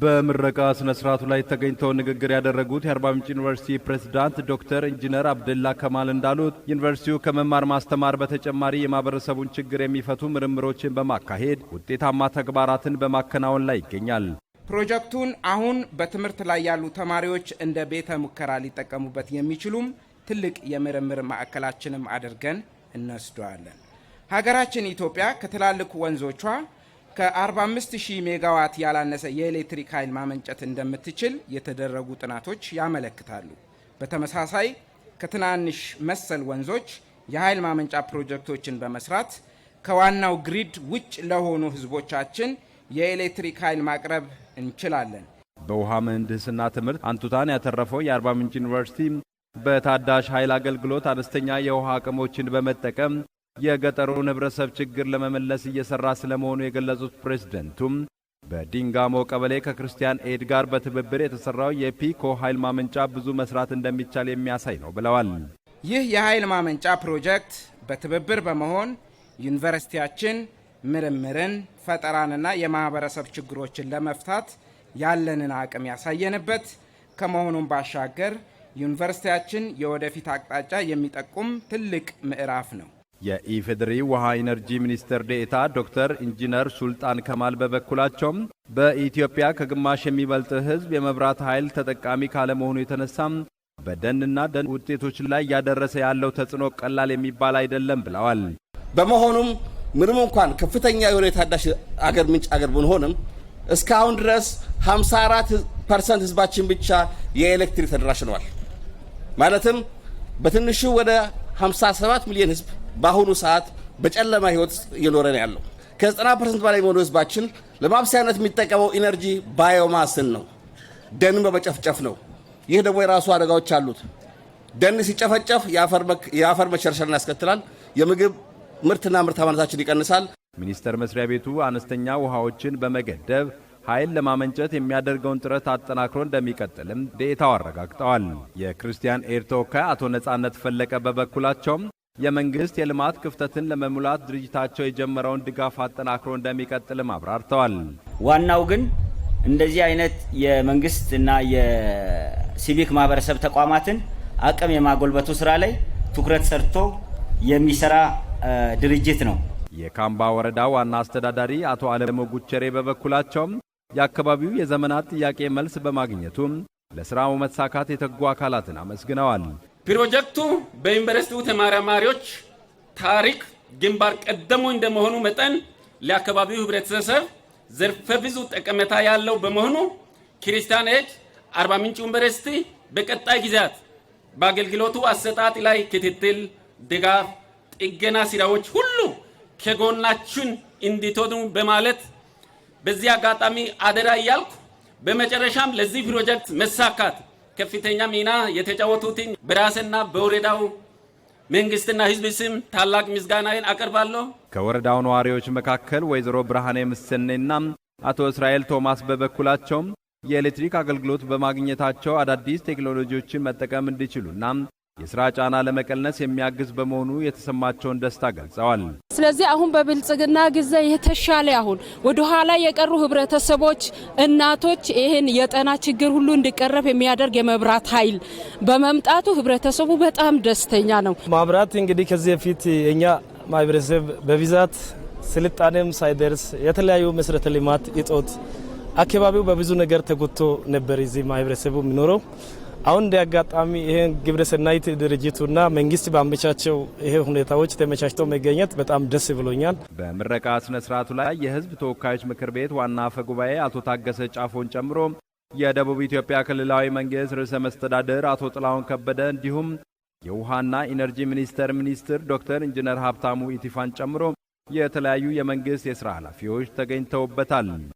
በምረቃ ስነ ስርዓቱ ላይ ተገኝተው ንግግር ያደረጉት የአርባ ምንጭ ዩኒቨርሲቲ ፕሬዝዳንት ዶክተር ኢንጂነር አብደላ ከማል እንዳሉት ዩኒቨርሲቲው ከመማር ማስተማር በተጨማሪ የማህበረሰቡን ችግር የሚፈቱ ምርምሮችን በማካሄድ ውጤታማ ተግባራትን በማከናወን ላይ ይገኛል። ፕሮጀክቱን አሁን በትምህርት ላይ ያሉ ተማሪዎች እንደ ቤተ ሙከራ ሊጠቀሙበት የሚችሉም ትልቅ የምርምር ማዕከላችንም አድርገን እንወስደዋለን። ሀገራችን ኢትዮጵያ ከትላልቅ ወንዞቿ ከ45000 ሜጋዋት ያላነሰ የኤሌክትሪክ ኃይል ማመንጨት እንደምትችል የተደረጉ ጥናቶች ያመለክታሉ። በተመሳሳይ ከትናንሽ መሰል ወንዞች የኃይል ማመንጫ ፕሮጀክቶችን በመስራት ከዋናው ግሪድ ውጭ ለሆኑ ህዝቦቻችን የኤሌክትሪክ ኃይል ማቅረብ እንችላለን። በውሃ ምህንድስና ትምህርት አንቱታን ያተረፈው የአርባ ምንጭ ዩኒቨርሲቲ በታዳሽ ኃይል አገልግሎት አነስተኛ የውሃ አቅሞችን በመጠቀም የገጠሩን ህብረተሰብ ችግር ለመመለስ እየሰራ ስለመሆኑ የገለጹት ፕሬዝደንቱም በዲንጋሞ ቀበሌ ከክርስቲያን ኤድ ጋር በትብብር የተሰራው የፒኮ ኃይል ማመንጫ ብዙ መስራት እንደሚቻል የሚያሳይ ነው ብለዋል። ይህ የኃይል ማመንጫ ፕሮጀክት በትብብር በመሆን ዩኒቨርሲቲያችን ምርምርን፣ ፈጠራንና የማህበረሰብ ችግሮችን ለመፍታት ያለንን አቅም ያሳየንበት ከመሆኑም ባሻገር ዩኒቨርሲቲያችን የወደፊት አቅጣጫ የሚጠቁም ትልቅ ምዕራፍ ነው። የኢፌዴሪ ውሃ ኢነርጂ ሚኒስትር ዴኤታ ዶክተር ኢንጂነር ሱልጣን ከማል በበኩላቸውም በኢትዮጵያ ከግማሽ የሚበልጥ ሕዝብ የመብራት ኃይል ተጠቃሚ ካለመሆኑ የተነሳም በደንና ደን ውጤቶች ላይ እያደረሰ ያለው ተጽዕኖ ቀላል የሚባል አይደለም ብለዋል። በመሆኑም ምንም እንኳን ከፍተኛ የሆነ የታዳሽ አገር ምንጭ አገር ብንሆንም እስካሁን ድረስ 54 ፐርሰንት ህዝባችን ብቻ የኤሌክትሪክ ተደራሽ ነዋል። ማለትም በትንሹ ወደ 57 ሚሊዮን ህዝብ በአሁኑ ሰዓት በጨለማ ህይወት እየኖረን ያለው። ከ90 ፐርሰንት በላይ የሆኑ ህዝባችን ለማብሰያነት የሚጠቀመው ኢነርጂ ባዮማስን ነው፣ ደን በመጨፍጨፍ ነው። ይህ ደግሞ የራሱ አደጋዎች አሉት። ደን ሲጨፈጨፍ የአፈር መሸርሸርን ያስከትላል። የምግብ ምርትና ምርታማነታችን ይቀንሳል። ሚኒስቴር መስሪያ ቤቱ አነስተኛ ውሃዎችን በመገደብ ኃይል ለማመንጨት የሚያደርገውን ጥረት አጠናክሮ እንደሚቀጥልም ዴኤታው አረጋግጠዋል። የክርስቲያን ኤር ተወካይ አቶ ነጻነት ፈለቀ በበኩላቸውም የመንግስት የልማት ክፍተትን ለመሙላት ድርጅታቸው የጀመረውን ድጋፍ አጠናክሮ እንደሚቀጥልም አብራርተዋል። ዋናው ግን እንደዚህ አይነት የመንግስት እና የሲቪክ ማህበረሰብ ተቋማትን አቅም የማጎልበቱ ስራ ላይ ትኩረት ሰርቶ የሚሰራ ድርጅት ነው። የካምባ ወረዳ ዋና አስተዳዳሪ አቶ አለሞ ጉቸሬ በበኩላቸውም የአካባቢው የዘመናት ጥያቄ መልስ በማግኘቱም ለስራው መሳካት የተጉ አካላትን አመስግነዋል። ፕሮጀክቱ በዩኒቨርሲቲው ተመራማሪዎች ታሪክ ግንባር ቀደሙ እንደመሆኑ መጠን ለአካባቢው ህብረተሰብ ዘርፈ ብዙ ጠቀሜታ ያለው በመሆኑ ክርስቲያን ኤድ አርባ ምንጭ ዩኒቨርሲቲ በቀጣይ ጊዜያት በአገልግሎቱ አሰጣጥ ላይ ክትትል፣ ድጋፍ፣ ጥገና ስራዎች ሁሉ ከጎናችን እንዲትሆኑ በማለት በዚህ አጋጣሚ አደራ እያልኩ በመጨረሻም ለዚህ ፕሮጀክት መሳካት ከፍተኛ ሚና የተጫወቱትን በራስና በወረዳው መንግስትና ህዝብ ስም ታላቅ ምስጋናዬን አቀርባለሁ። ከወረዳው ነዋሪዎች መካከል ወይዘሮ ብርሃኔ ምሰኔና አቶ እስራኤል ቶማስ በበኩላቸው የኤሌክትሪክ አገልግሎት በማግኘታቸው አዳዲስ ቴክኖሎጂዎችን መጠቀም እንዲችሉና የሥራ ጫና ለመቀነስ የሚያግዝ በመሆኑ የተሰማቸውን ደስታ ገልጸዋል። ስለዚህ አሁን በብልጽግና ጊዜ የተሻለ አሁን ወደ ኋላ የቀሩ ህብረተሰቦች፣ እናቶች ይህን የጤና ችግር ሁሉ እንዲቀረፍ የሚያደርግ የመብራት ኃይል በመምጣቱ ህብረተሰቡ በጣም ደስተኛ ነው። ማብራት እንግዲህ ከዚህ በፊት እኛ ማህበረሰብ በብዛት ስልጣኔም ሳይደርስ የተለያዩ መሰረተ ልማት እጦት አካባቢው በብዙ ነገር ተጎቶ ነበር። እዚህ ማህበረሰቡ የሚኖረው አሁን እንደ አጋጣሚ ይሄን ግብረ ድርጅቱና መንግስት ባመቻቸው ይሄ ሁኔታዎች ተመቻችተው መገኘት በጣም ደስ ብሎኛል። በምረቃ ስነ ስርዓቱ ላይ የህዝብ ተወካዮች ምክር ቤት ዋና አፈ ጉባኤ አቶ ታገሰ ጫፎን ጨምሮ የደቡብ ኢትዮጵያ ክልላዊ መንግስት ርዕሰ መስተዳድር አቶ ጥላሁን ከበደ እንዲሁም የውሃና ኢነርጂ ሚኒስቴር ሚኒስትር ዶክተር ኢንጂነር ሀብታሙ ኢቲፋን ጨምሮ የተለያዩ የመንግስት የስራ ኃላፊዎች ተገኝተውበታል።